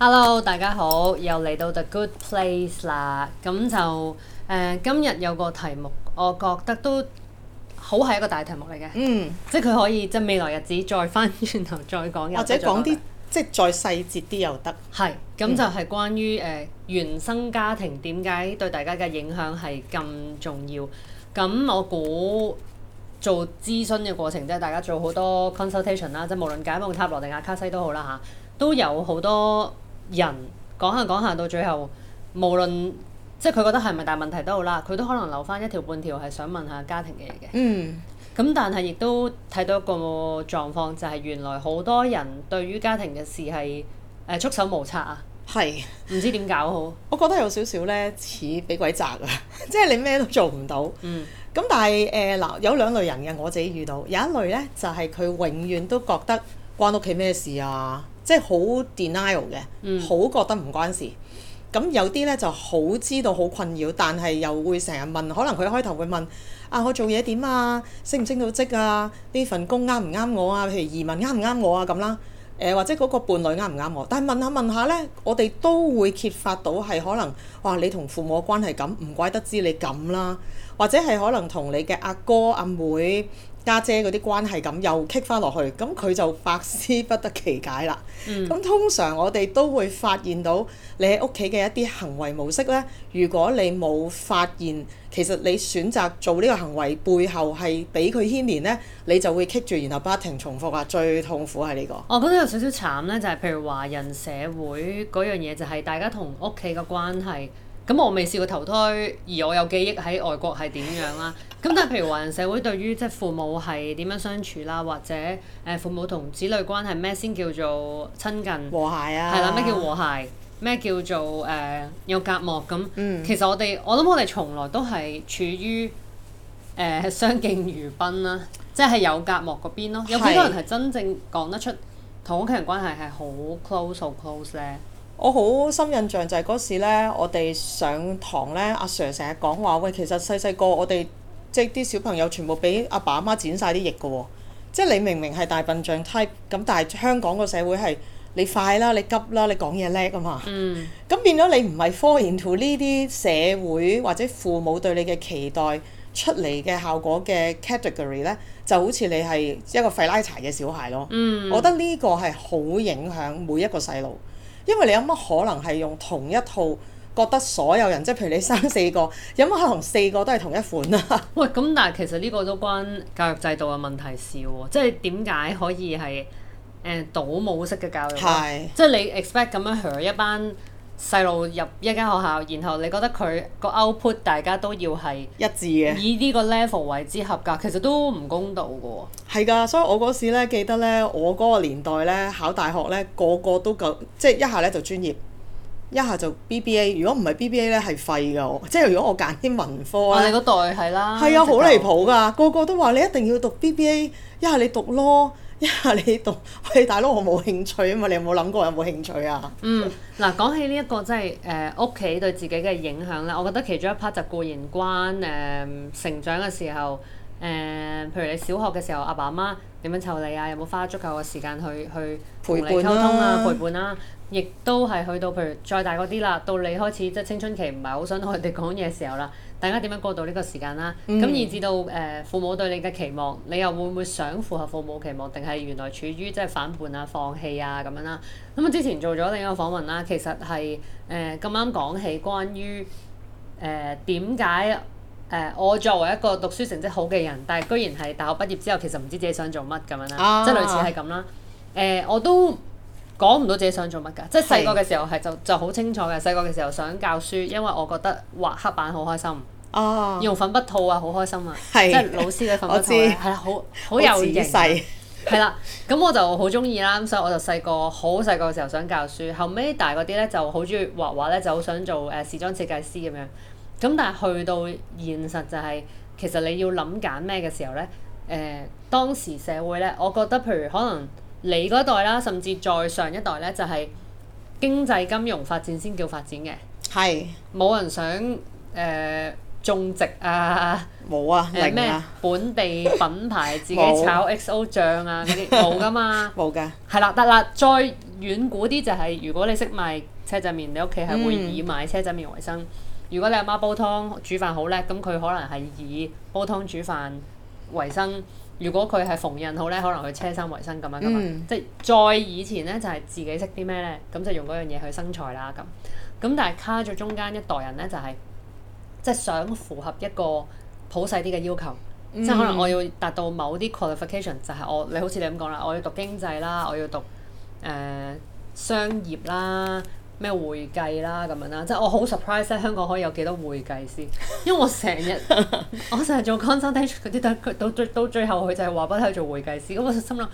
Hello，大家好，又嚟到 The Good Place 啦，咁就誒、呃、今日有個題目，我覺得都好係一個大題目嚟嘅。嗯。即係佢可以即係未來日子再翻轉頭再講，或者講啲即係再細節啲又得。係，咁就係關於誒、嗯呃、原生家庭點解對大家嘅影響係咁重要？咁我估做諮詢嘅過程即係大家做好多 consultation 啦，即係無論解夢塔羅定阿卡西都好啦嚇、啊，都有好多。人講下講下到最後，無論即係佢覺得係咪大問題都好啦，佢都可能留翻一條半條係想問下家庭嘅嘢嘅。嗯。咁但係亦都睇到一個狀況就係、是、原來好多人對於家庭嘅事係誒、呃、束手無策啊。係是。唔知點搞好？我覺得有少少咧似俾鬼責啊！ 即係你咩都做唔到。嗯。咁但係誒嗱，有兩類人嘅我自己遇到，有一類咧就係、是、佢永遠都覺得關屋企咩事啊？即係好 denial 嘅，好、嗯、覺得唔關事。咁有啲呢就好知道好困擾，但係又會成日問。可能佢一開頭會問：啊，我做嘢點啊？升唔升到職啊？呢份工啱唔啱我啊？譬如移民啱唔啱我啊？咁、呃、啦。誒或者嗰個伴侶啱唔啱我？但係問下問下呢，我哋都會揭發到係可能，哇！你同父母關係咁，唔怪得知你咁啦。或者係可能同你嘅阿哥阿妹，妹。家姐嗰啲關係咁又棘翻落去，咁佢就百思不得其解啦。咁、嗯、通常我哋都會發現到你喺屋企嘅一啲行為模式呢，如果你冇發現，其實你選擇做呢個行為背後係俾佢牽連呢，你就會棘住，然後不停重複啊，最痛苦係呢、這個。我覺得有少少慘呢，就係、是、譬如華人社會嗰樣嘢，就係大家同屋企嘅關係。咁我未試過投胎，而我有記憶喺外國係點樣啦、啊。咁但係譬如華人社會對於即係父母係點樣相處啦、啊，或者誒、呃、父母同子女關係咩先叫做親近和諧啊？係啦，咩叫和諧？咩叫做誒、呃、有隔膜咁？嗯、其實我哋我諗我哋從來都係處於誒、呃、相敬如賓啦、啊，即、就、係、是、有隔膜嗰邊咯、啊。有幾多人係真正講得出同屋企人關係係好 close，好 close 咧？我好深印象就係嗰時咧，我哋上堂咧，阿 Sir 成日講話，喂，其實細細個我哋即係啲小朋友全部俾阿爸阿媽剪晒啲翼嘅喎、哦，即係你明明係大笨象 type，咁但係香港個社會係你快啦，你急啦，你講嘢叻啊嘛，咁、嗯、變咗你唔係 fall into 呢啲社會或者父母對你嘅期待出嚟嘅效果嘅 category 咧，就好似你係一個廢拉柴嘅小孩咯。嗯、我覺得呢個係好影響每一個細路。因為你有乜可能係用同一套覺得所有人，即係譬如你生四個，有乜可能四個都係同一款啊？喂，咁但係其實呢個都關教育制度嘅問題事喎、哦，即係點解可以係誒倒模式嘅教育？係即係你 expect 咁樣學一班。細路入一間學校，然後你覺得佢個 output 大家都要係一致嘅，以呢個 level 為之合格，其實都唔公道嘅喎。係㗎，所以我嗰時咧記得咧，我嗰個年代咧考大學咧，個個都夠，即係一下咧就專業，一下就 BBA。如果唔係 BBA 咧，係廢㗎。我即係如果我揀啲文科咧。啊，你嗰代係啦，係啊的，好到離譜㗎，個個都話你一定要讀 BBA，一下你讀 law。因為你讀，喂大佬，我冇興趣啊嘛，你有冇諗過有冇興趣啊？嗯、呃，嗱，講起呢一個真係誒屋企對自己嘅影響咧，我覺得其中一 part 就固然關誒、呃、成長嘅時候，誒、呃、譬如你小學嘅時候，阿爸阿媽。點樣湊你啊？有冇花足夠嘅時間去去陪你溝通啦？陪伴啦、啊，亦、啊、都係去到譬如再大嗰啲啦，到你開始即係青春期唔係好想同佢哋講嘢嘅時候啦，大家點樣過渡呢個時間啦、啊？咁、嗯、以至到誒、呃、父母對你嘅期望，你又會唔會想符合父母期望，定係原來處於即係反叛啊、放棄啊咁樣啦、啊？咁啊之前做咗另一個訪問啦、啊，其實係誒咁啱講起關於誒點解，呃誒、呃，我作為一個讀書成績好嘅人，但係居然係大學畢業之後，其實唔知自己想做乜咁、啊、樣啦，即係類似係咁啦。誒，我都講唔到自己想做乜㗎，即係細個嘅時候係就是就好清楚嘅。細個嘅時候想教書，因為我覺得畫黑板好開心，啊、用粉筆套啊好開心啊，即係是老師嘅粉筆套係好好有型㗎。係仔啦，咁我就好中意啦，咁所以我就細個好細個嘅時候想教書，後尾大嗰啲咧就好中意畫畫咧，就好想做誒時裝設計師咁樣。咁但係去到現實就係、是，其實你要諗揀咩嘅時候呢？誒、呃，當時社會呢，我覺得譬如可能你嗰代啦，甚至再上一代呢，就係、是、經濟金融發展先叫發展嘅，係冇是人想誒、呃、種植啊，冇啊，係咩、呃？啊、本地品牌自己炒 XO 醬啊嗰啲冇㗎嘛，冇㗎 的，係啦得啦。再遠古啲就係，如果你識賣車仔麵，你屋企係會以賣車仔麵為生。嗯。如果你阿媽煲湯煮飯好叻，咁佢可能係以煲湯煮飯為生；如果佢係縫紉好叻，可能去車衫為生咁樣。嗯。即係再以前咧，就係、是、自己識啲咩咧，咁就用嗰樣嘢去生財啦咁。咁但係卡咗中間一代人咧，就係即係想符合一個普世啲嘅要求，嗯、即係可能我要達到某啲 qualification，就係我你好似你咁講啦，我要讀經濟啦，我要讀誒、呃、商業啦。咩會計啦咁樣啦，即係我好 surprise 咧，香港可以有幾多會計師？因為我成日 我成日做 consultation 嗰啲，到到最到最後佢就係話唔係做會計師。咁我心諗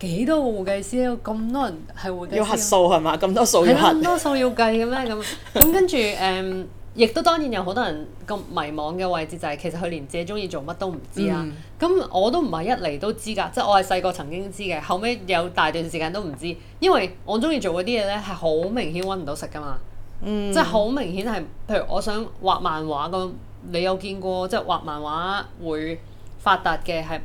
幾多個會計師？咁多人係會計、啊、要核數係嘛？咁多數要核咁 多數要計嘅咩？咁咁跟住誒。Um, 亦都當然有好多人咁迷茫嘅位置，就係其實佢連自己中意做乜都唔知啊、嗯嗯。咁我都唔係一嚟都知㗎，即係我係細個曾經知嘅，後尾有大段時間都唔知，因為我中意做嗰啲嘢咧係好明顯搵唔到食㗎嘛。嗯、即係好明顯係，譬如我想畫漫畫咁，你有見過即係、就是、畫漫畫會發達嘅係，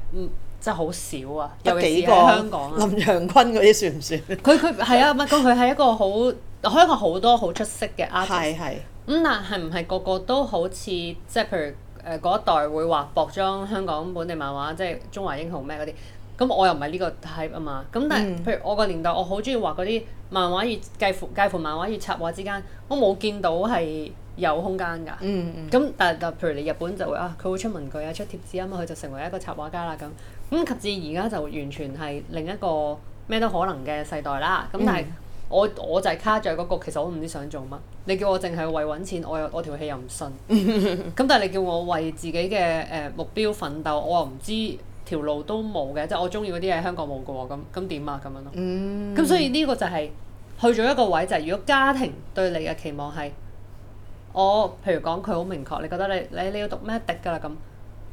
即係好少啊。啊有幾個，算算個？香港啊，林祥坤嗰啲算唔算？佢佢係啊，唔佢係一個好香港好多好出色嘅 artist。係咁但係唔係個個都好似即係譬如誒嗰、呃、一代會畫薄裝香港本地漫畫，即係《中華英雄》咩嗰啲？咁我又唔係呢個 type 啊嘛。咁但係譬如我個年代，我好中意畫嗰啲漫畫與介乎介乎漫畫與插畫之間，我冇見到係有空間㗎。嗯。嗯。咁但係譬如你日本就會啊，佢會出文具啊，出貼紙啊嘛，佢就成為一個插畫家啦咁。咁及至而家就完全係另一個咩都可能嘅世代啦。咁但係。嗯。我我就係卡在嗰、那個，其實我都唔知想做乜。你叫我淨係為揾錢，我又我條氣又唔順。咁 但係你叫我為自己嘅誒目標奮鬥，我又唔知條路都冇嘅，即、就、係、是、我中意嗰啲喺香港冇嘅喎。咁咁點啊？咁樣咯。咁、嗯、所以呢個就係、是、去咗一個位，就係、是、如果家庭對你嘅期望係我，譬如講佢好明確，你覺得你你你要讀咩的㗎啦咁。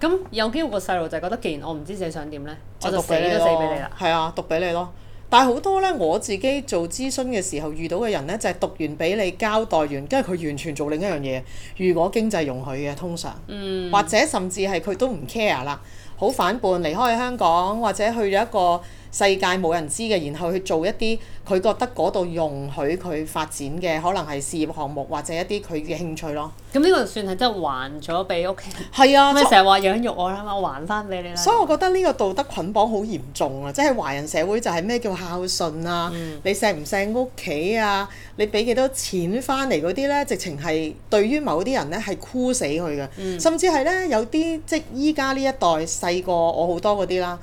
咁有機會個細路仔覺得既然我唔知自己想點呢，就讀我就死都死俾你啦。係啊，讀俾你咯。但係好多咧，我自己做諮詢嘅時候遇到嘅人咧，就係、是、讀完俾你交代完，跟住佢完全做另一樣嘢。如果經濟容許嘅，通常，嗯、或者甚至係佢都唔 care 啦，好反叛，離開香港或者去咗一個。世界冇人知嘅，然後去做一啲佢覺得嗰度容許佢發展嘅，可能係事業項目或者一啲佢嘅興趣咯。咁呢個算係真係還咗俾屋企人？係啊，咪成日話養育我啦，我還翻俾你啦。所以我覺得呢個道德捆綁好嚴重啊！即係華人社會就係咩叫孝順啊？嗯、你錫唔錫屋企啊？你俾幾多錢翻嚟嗰啲呢？直情係對於某啲人呢係箍死佢嘅，嗯、甚至係呢，有啲即係依家呢一代細過我好多嗰啲啦。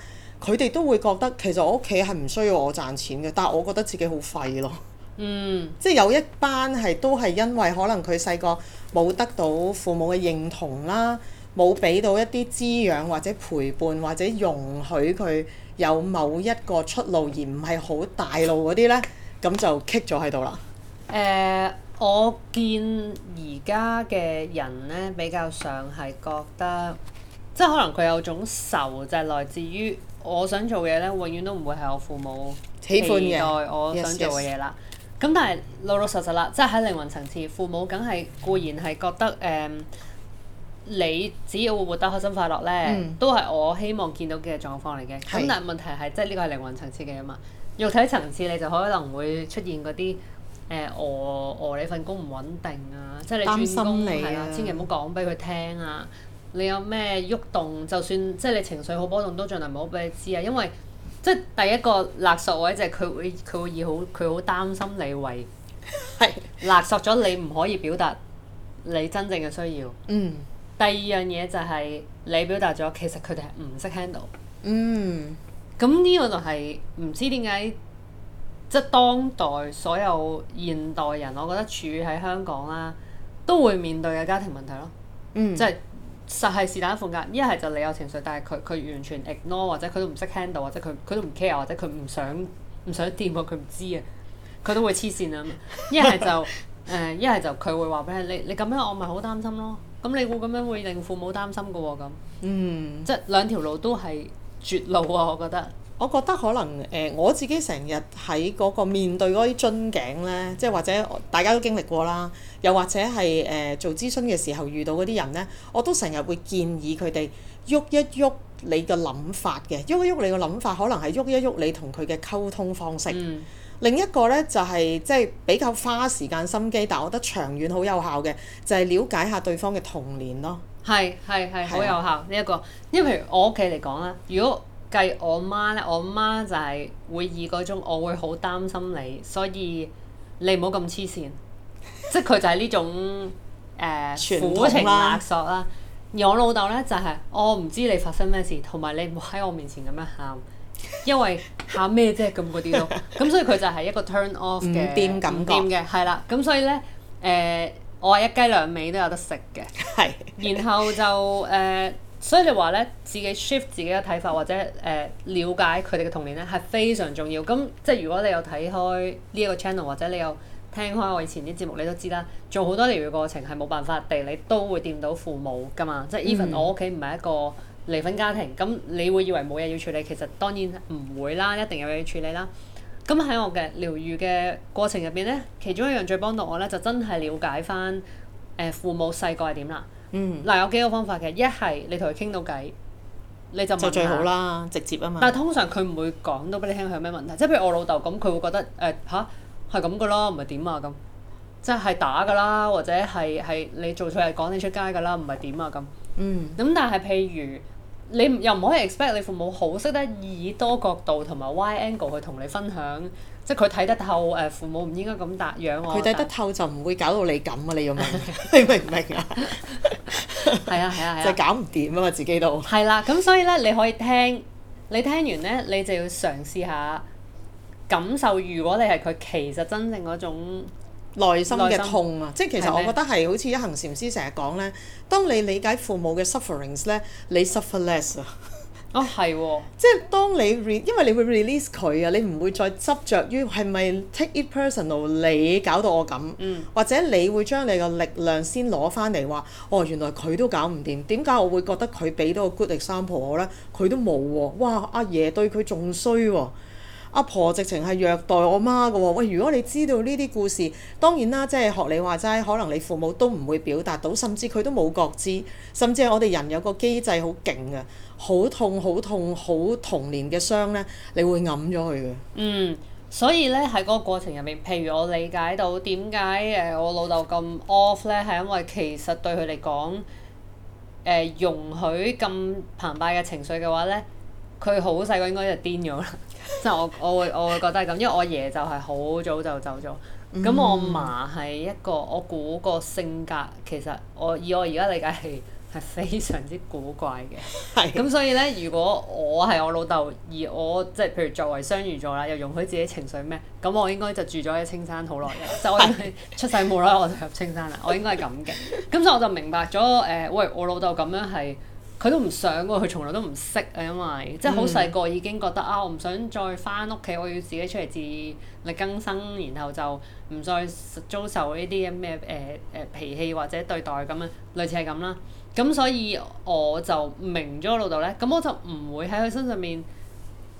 佢哋都會覺得其實我屋企係唔需要我賺錢嘅，但係我覺得自己好廢咯。 嗯，即係有一班係都係因為可能佢細個冇得到父母嘅認同啦，冇俾到一啲滋養或者陪伴或者容許佢有某一個出路，而唔係好大路嗰啲呢，咁就棘咗喺度啦。誒，我見而家嘅人呢，比較上係覺得，即係可能佢有種仇就係、是、來自於。我想做嘢咧，永遠都唔會係我父母期待我想做嘅嘢啦。咁 Yes, yes. 但係老老實實啦，即係喺靈魂層次，父母梗係固然係覺得誒、嗯，你只要會活得開心快樂咧，嗯、都係我希望見到嘅狀況嚟嘅。咁、嗯、但係問題係，即係呢個係靈魂層次嘅嘛，肉體層次你就可能會出現嗰啲誒，我、呃、我、呃呃呃、你份工唔穩定啊，即、就、係、是、你工係啊，千祈唔好講俾佢聽啊。你有咩喐動？就算即係你情緒好波動，都盡量唔好俾你知啊！因為即係第一個勒索位就係佢會佢會以好佢好擔心你為 勒索咗你唔可以表達你真正嘅需要。嗯。第二樣嘢就係你表達咗，其實佢哋係唔識 handle。嗯。咁呢個就係唔知點解，即係當代所有現代人，我覺得處喺香港啦，都會面對嘅家庭問題咯。嗯。即係。就係是但副格，一係就你有情緒，但係佢佢完全 ignore 或者佢都唔識 handle 或者佢佢都唔 care 或者佢唔想唔想掂佢唔知啊，佢都會黐線啊！一係就誒，一係、 呃、就佢會話俾你，你你咁樣我咪好擔心咯，咁你會咁樣會令父母擔心嘅喎咁，嗯，即係兩條路都係絕路喎、啊，我覺得。我覺得可能誒、呃，我自己成日喺嗰個面對嗰啲樽頸咧，即係或者大家都經歷過啦，又或者係誒、呃、做諮詢嘅時候遇到嗰啲人咧，我都成日會建議佢哋喐一喐你嘅諗法嘅，喐一喐你嘅諗法，喐一喐你嘅諗法可能係喐一喐你同佢嘅溝通方式。嗯、另一個咧就係即係比較花時間心機，但我覺得長遠好有效嘅，就係、係、了解下對方嘅童年咯。係係係好有效呢一、呢個，因為譬如我屋企嚟講啦，如果計我媽咧，我媽就係會以嗰種，我會好擔心你，所以你唔好咁黐線，即係佢就係呢種誒、呃、苦情勒索啦。而我老豆咧就係、是、我唔知你發生咩事，同埋你唔好喺我面前咁樣喊，因為喊咩啫咁嗰啲咯。咁 所以佢就係一個 turn off 嘅唔掂感覺，係啦。咁所以咧誒、呃，我話一雞兩味都有得食嘅，係， 然後就誒。呃所以你話咧，自己 shift 自己嘅睇法，或者誒、呃、了解佢哋嘅童年咧，係非常重要。咁即係如果你有睇開呢一個 channel，或者你有聽開我以前啲節目，你都知啦。做好多療愈過程係冇辦法地，你都會掂到父母㗎嘛。即係 even 我屋企唔係一個離婚家庭，咁、嗯、你會以為冇嘢要處理，其實當然唔會啦，一定有嘢要處理啦。咁喺我嘅療愈嘅過程入邊咧，其中一樣最幫到我咧，就真係了解返誒、呃、父母細個係點啦。嗯，嗱有幾個方法嘅，一係你同佢傾到偈，你就就最好啦，直接啊嘛。但係通常佢唔會講到俾你聽佢有咩問題，即係譬如我老豆咁，佢會覺得誒嚇係咁噶啦，唔係點啊咁、啊，即係打噶啦，或者係係你做錯係趕你出街噶啦，唔係點啊咁。嗯，咁但係譬如你又唔可以 expect 你父母好識得以多角度同埋 wide angle 去同你分享，即係佢睇得透誒、欸、父母唔應該咁樣樣。佢睇得透就唔會搞到你咁啊！你要明，你明唔明啊？係 啊係啊係啊，就搞唔掂啊嘛，自己都係啦。咁 所以咧，你可以聽，你聽完咧，你就要嘗試下感受。如果你係佢其實真正嗰種內心嘅痛啊， 即係其實我覺得係好似一行禪師成日講咧，當你理解父母嘅 sufferings 咧、er，你 suffer less 啊。啊，係喎、哦！哦、即係當你 re，因為你會 release 佢啊，你唔會再執着於係咪 take it personal 你搞到我咁，嗯、或者你會將你嘅力量先攞翻嚟話，哦，原來佢都搞唔掂，點解我會覺得佢俾到個 good example 我呢？佢都冇喎、哦，哇！阿爺，爺對佢仲衰喎。阿婆直情係虐待我媽㗎喎，喂！如果你知道呢啲故事，當然啦，即係學你話齋，可能你父母都唔會表達到，甚至佢都冇覺知，甚至係我哋人有個機制好勁㗎，好痛、好痛、好童年嘅傷呢，你會揞咗佢嘅。嗯，所以呢，喺嗰個過程入面，譬如我理解到點解誒我老豆咁 off 咧，係因為其實對佢嚟講，誒容許咁澎湃嘅情緒嘅話呢，佢好細個應該就癲咗啦。即係 我我會我會覺得係咁，因為我爺，爺就係好早就走咗，咁、嗯、我阿嫲係一個我估個性格，其實我以我而家理解係係非常之古怪嘅，咁的所以咧，如果我係我老豆，而我即係譬如作為雙魚座啦，又容許自己情緒咩？咁我應該就住咗喺青山好耐嘅，就的我出世冇耐我就入青山啦，我應該係咁嘅，咁所以我就明白咗誒、呃，喂我老豆咁樣係，佢都唔想喎、啊，佢從來都唔識啊，因為即係好細個已經覺得、嗯、啊，我唔想再返屋企，我要自己出嚟自力更生，然後就唔再遭受呢啲咩誒誒脾氣或者對待咁樣，類似係咁啦。咁所以我就明咗老豆咧，咁我就唔會喺佢身上面。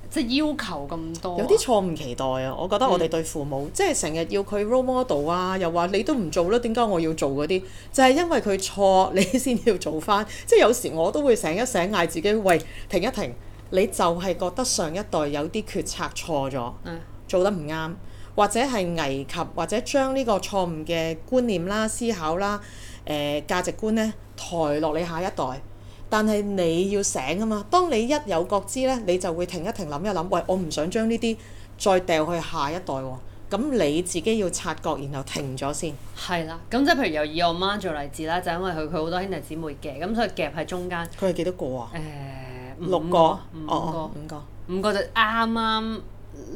即係要求咁多，有啲錯誤期待啊！我覺得我哋對父母，嗯、即係成日要佢 role model 啊，又話你都唔做啦，點解我要做嗰啲？就係、是、因為佢錯，你先要做翻。即係有時我都會醒一醒嗌自己喂，停一停！你就係覺得上一代有啲決策錯咗，嗯、做得唔啱，或者係危及，或者將呢個錯誤嘅觀念啦、思考啦、誒、呃、價值觀呢抬落你下一代。但係你要醒啊嘛！當你一有覺知咧，你就會停一停，諗一諗。喂，我唔想將呢啲再掉去下一代喎。咁你自己要察覺，然後停咗先。係啦，咁即係譬如由以我媽做例子啦，就因為佢佢好多兄弟姊妹嘅，咁所以夾喺中間。佢係幾多個啊？誒，六個，五個，五個，五個就啱啱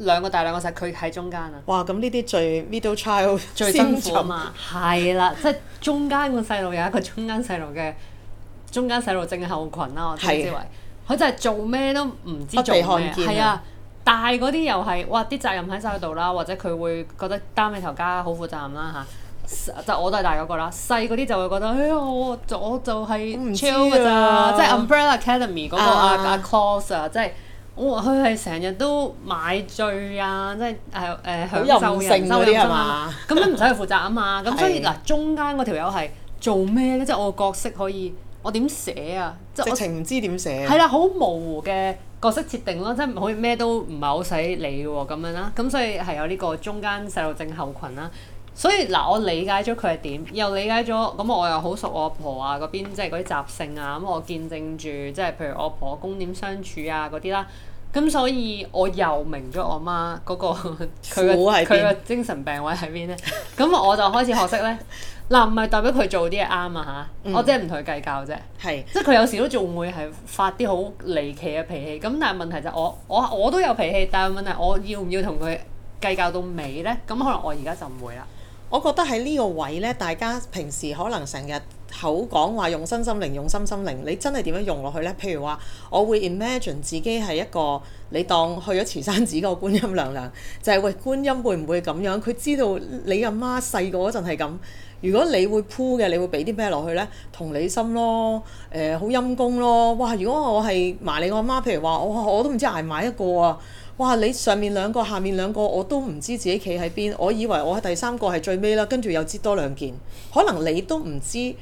兩個大兩個細，佢喺中間啊！哇！咁呢啲最 middle child 最辛苦啊嘛！係啦，即係中間個細路有一個中間細路嘅。中間細路症嘅候群啦、啊，我稱之為，佢、啊、就係做咩都唔知做咩，係啊，啊！大嗰啲又係，哇！啲責任喺晒度啦，或者佢會覺得擔起頭家好負責任啦吓，就我都係大嗰、嗰個啦，細嗰啲就會覺得，哎呀，我我就係超㗎咋，啊、即係 Umbrella Academy 嗰個阿、啊啊、Claus 啊，即係我話佢係成日都買醉啊，即係誒、啊呃、享受人生嗰啲啊嘛。咁都唔使佢負責啊嘛。咁所以嗱，中間嗰條友係做咩咧？即、就、係、是、我個角色可以。我點寫啊？即係是我直情唔知點寫。係啦，好模糊嘅角色設定咯，即係好似咩都唔係好使理喎、哦，咁樣啦。咁所以係有呢個中間細路症候群啦。所以嗱，我理解咗佢係點，又理解咗。咁我又好熟我阿婆啊嗰邊，即係嗰啲習性啊。咁我見證住，即係譬如我阿婆公點相處啊嗰啲啦。咁所以我又明咗我媽嗰、嗰個佢嘅佢嘅精神病位喺邊咧。咁 我就開始學識咧。嗱，唔係、啊、代表佢做啲嘢啱啊吓，嗯、我只係唔同佢計較啫。係是，即係佢有時都仲會係發啲好離奇嘅脾氣。咁但係問題就我我我都有脾氣，但係問題我要唔要同佢計較到尾呢？咁、嗯、可能我而家就唔會啦。我覺得喺呢個位呢，大家平時可能成日，口講話用身心靈，用心心靈，你真係點樣用落去呢？譬如話，我會 imagine 自己係一個，你當去咗慈山寺個觀音娘娘，就係、是、喂觀音會唔會咁樣？佢知道你阿媽細個嗰陣係咁。如果你會鋪嘅，你會俾啲咩落去呢？同理心咯，誒、呃，好陰功咯，哇！如果我係麻利你個阿媽，譬如話，哇，我都唔知捱埋一個啊，哇！你上面兩個，下面兩個，我都唔知自己企喺邊，我以為我係第三個係最尾啦，跟住又折多兩件，可能你都唔知。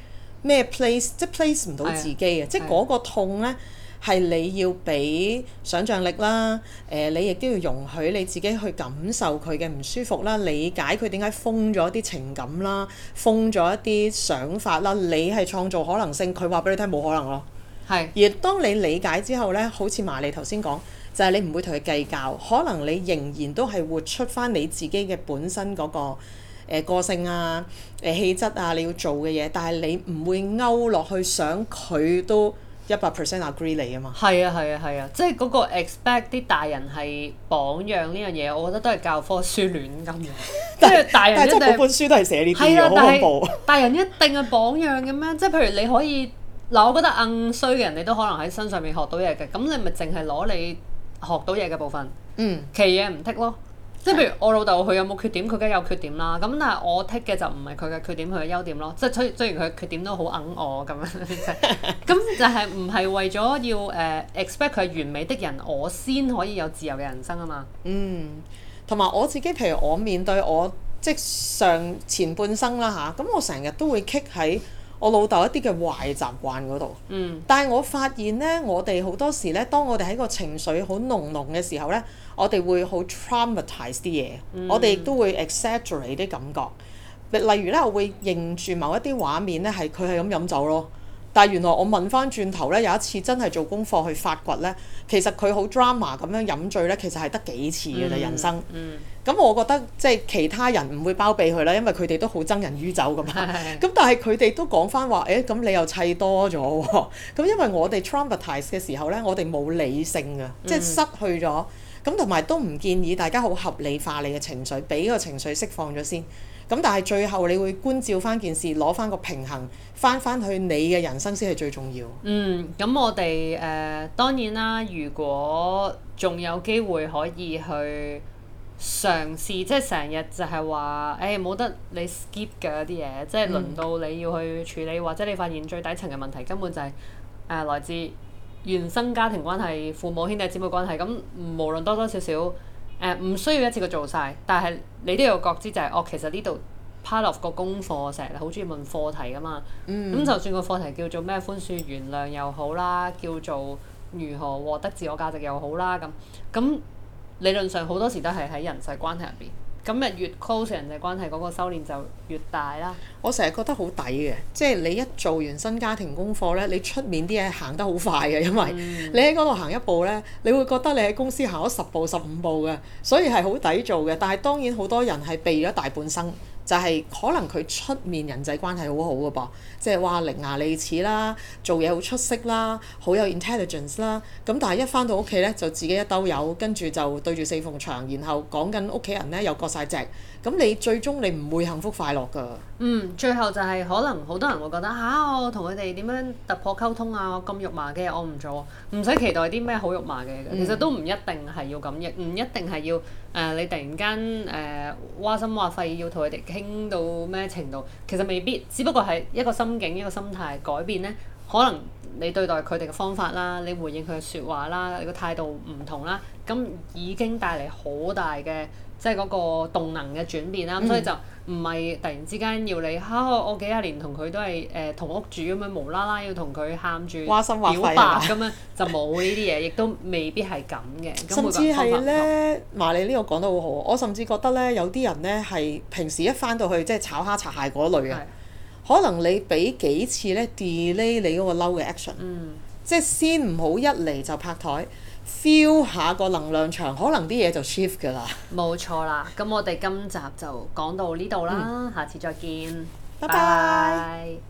咩 place 即 place 唔到自己啊，即嗰個痛咧，係你要俾想像力啦，誒，你亦都要容許你自己去感受佢嘅唔舒服啦，理解佢點解封咗啲情感啦，封咗一啲想法啦，你係創造可能性，佢話俾你聽冇可能咯。係。而當你理解之後咧，好似麻利頭先講，就係你唔會同佢計較，可能你仍然都係活出翻你自己嘅本身嗰個。誒個性啊，誒氣質啊，你要做嘅嘢，但係你唔會勾落去想佢都一百 percent agree 你啊嘛。係啊係啊係啊，即係嗰個 expect 啲大人係榜樣呢樣嘢，我覺得都係教科書亂咁嘅。即係大人，本書都係寫呢啲嘢，好恐怖。但係大人一定係 榜樣嘅咩？即係譬如你可以嗱，我覺得硬衰嘅人，你都可能喺身上面學到嘢嘅。咁你咪淨係攞你學到嘢嘅部分，嗯、其嘢唔剔咯。即係譬如我老豆佢有冇缺點？佢梗有缺點啦。咁但係我剔嘅就唔係佢嘅缺點，佢嘅優點咯。即係雖雖然佢缺點都好硬我咁樣，即咁就係唔係為咗要誒 expect 佢係完美的人，我先可以有自由嘅人生啊嘛。嗯，同埋我自己譬如我面對我即係上前半生啦吓，咁、啊、我成日都會棘喺。我老豆一啲嘅壞習慣嗰度，嗯、但係我發現呢，我哋好多時呢，當我哋喺個情緒好濃濃嘅時候呢，我哋會好 traumatize 啲嘢，嗯、我哋亦都會 exaggerate 啲感覺。例如呢，我會認住某一啲畫面呢，係佢係咁飲酒咯。但係原來我問翻轉頭咧，有一次真係做功課去發掘咧，其實佢好 drama 咁樣飲醉咧，其實係得幾次嘅啫，人生，嗯。嗯。咁我覺得即係其他人唔會包庇佢啦，因為佢哋都好憎人於酒㗎嘛。咁的但係佢哋都講翻話，誒、欸、咁你又砌多咗喎。咁 因為我哋 traumatize 嘅時候咧，我哋冇理性㗎，即係失去咗。咁同埋都唔建議大家好合理化你嘅情緒，俾個情緒釋放咗先。咁但係最後你會觀照翻件事，攞翻個平衡，翻翻去你嘅人生先係最重要。嗯，咁我哋誒、呃、當然啦，如果仲有機會可以去嘗試，即係成日就係話，誒、欸、冇得你 skip 嘅一啲嘢，即係輪到你要去處理，嗯、或者你發現最底層嘅問題根本就係、是、誒、呃、來自原生家庭關係、父母兄弟姊妹關係，咁無論多多少少。誒唔、uh，需要一次過做晒，但係你都要覺知就係、是，哦，其實呢度 part of 個功課，成日好中意問課題㗎嘛。咁、嗯、就算個課題叫做咩寬恕原諒又好啦，叫做如何獲得自我價值又好啦，咁咁理論上好多時都係喺人際關係入邊。咁咪越 close 人際關係嗰個修煉就越大啦。我成日覺得好抵嘅，即係你一做完新家庭功課咧，你出面啲嘢行得好快嘅，因為你喺嗰度行一步咧，你會覺得你喺公司行咗十步十五步嘅，所以係好抵做嘅。但係當然好多人係避咗大半生。就係可能佢出面人際關係好好嘅噃，即係話伶牙俐齒啦，做嘢好出色啦，好有 intelligence 啦。咁但係一翻到屋企咧，就自己一兜油，跟住就對住四縫牆，然後講緊屋企人咧又割晒席。咁你最終你唔會幸福快樂㗎。嗯，最後就係可能好多人會覺得吓、啊，我同佢哋點樣突破溝通啊？咁肉麻嘅我唔做，唔使期待啲咩好肉麻嘅嘢，嗯，其實都唔一定係要咁嘅，唔一定係要。誒、呃、你突然間誒，挖、呃、心話肺要同佢哋傾到咩程度？其實未必，只不過係一個心境、一個心態改變咧。可能你對待佢哋嘅方法啦，你回應佢嘅説話啦，你個態度唔同啦，咁已經帶嚟好大嘅即係嗰個動能嘅轉變啦。咁、嗯、所以就唔係突然之間要你嚇我幾廿年同佢都係誒、呃、同屋主咁樣無啦啦要同佢喊住心表白咁樣，話心話肺 就冇呢啲嘢，亦都未必係咁嘅。甚至係咧，麻利呢個講得好好，我甚至覺得咧有啲人咧係平時一返到去即係炒蝦拆蟹嗰類嘅。可能你俾幾次咧 delay 你嗰個嬲嘅 action，嗯，即係先唔好一嚟就拍台，feel 下個能量場，可能啲嘢就 shift 㗎啦。冇錯啦，咁我哋今集就講到呢度啦，嗯，下次再見，拜拜。Bye bye。